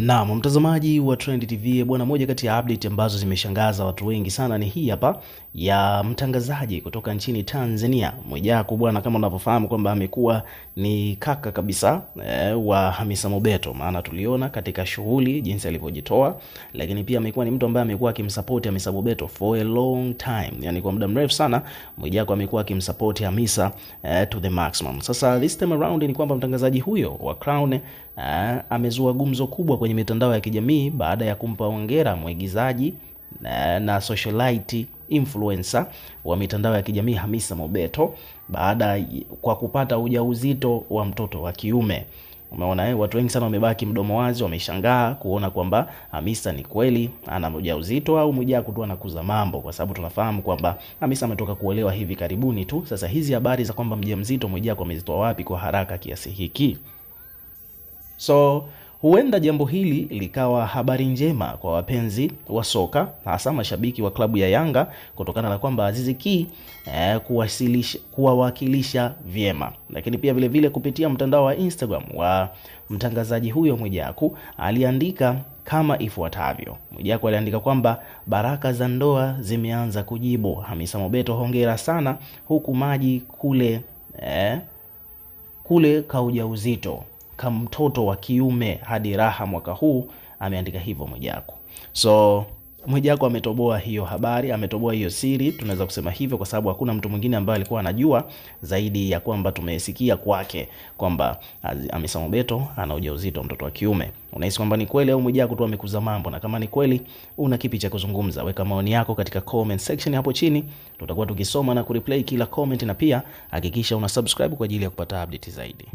Naam, mtazamaji wa Trend TV bwana, moja kati ya update ambazo zimeshangaza watu wengi sana ni hii hapa ya mtangazaji kutoka nchini Tanzania Mwijaku bwana, kama unavyofahamu kwamba amekuwa ni kaka kabisa e, wa Hamisa Mobeto, maana tuliona katika shughuli jinsi alivyojitoa, lakini pia amekuwa ni mtu ambaye amekuwa akimsupport Hamisa Mobeto for a long time, yani kwa muda mrefu sana Mwijaku amekuwa akimsupport Hamisa e, to the maximum. Sasa this time around ni kwamba mtangazaji huyo wa Crown e, amezua gumzo kubwa kwenye kwenye mitandao ya kijamii baada ya kumpa hongera mwigizaji na, eh, na socialite influencer wa mitandao ya kijamii Hamisa Mobeto baada kwa kupata ujauzito wa mtoto wa kiume. Umeona eh, watu wengi sana wamebaki mdomo wazi, wameshangaa kuona kwamba Hamisa ni kweli ana ujauzito au Mwijaku tu anakuza mambo, kwa sababu tunafahamu kwamba Hamisa ametoka kuolewa hivi karibuni tu. Sasa hizi habari za kwamba mjamzito Mwijaku amezitoa wapi kwa haraka kiasi hiki? So Huenda jambo hili likawa habari njema kwa wapenzi wa soka hasa mashabiki wa klabu ya Yanga kutokana na kwamba Azizi Ki eh, kuwawakilisha vyema, lakini pia vilevile vile kupitia mtandao wa Instagram wa mtangazaji huyo Mwijaku aliandika kama ifuatavyo. Mwijaku aliandika kwamba baraka za ndoa zimeanza kujibu. Hamisa Mobeto, hongera sana, huku maji kule eh, kule kauja uzito kama mtoto wa kiume hadi raha mwaka huu, ameandika hivyo Mwijaku. So Mwijaku ametoboa hiyo habari, ametoboa hiyo siri, tunaweza kusema hivyo kwa sababu hakuna mtu mwingine ambaye alikuwa anajua zaidi ya kwamba tumesikia kwake kwamba Hamisa Mobeto ana ujauzito mtoto wa kiume. Unahisi kwamba ni kweli au Mwijaku tu amekuza mambo? Na kama ni kweli, una kipi cha kuzungumza? Weka maoni yako katika comment section hapo chini, tutakuwa tukisoma na kureplay kila comment, na pia hakikisha una subscribe kwa ajili ya kupata update zaidi.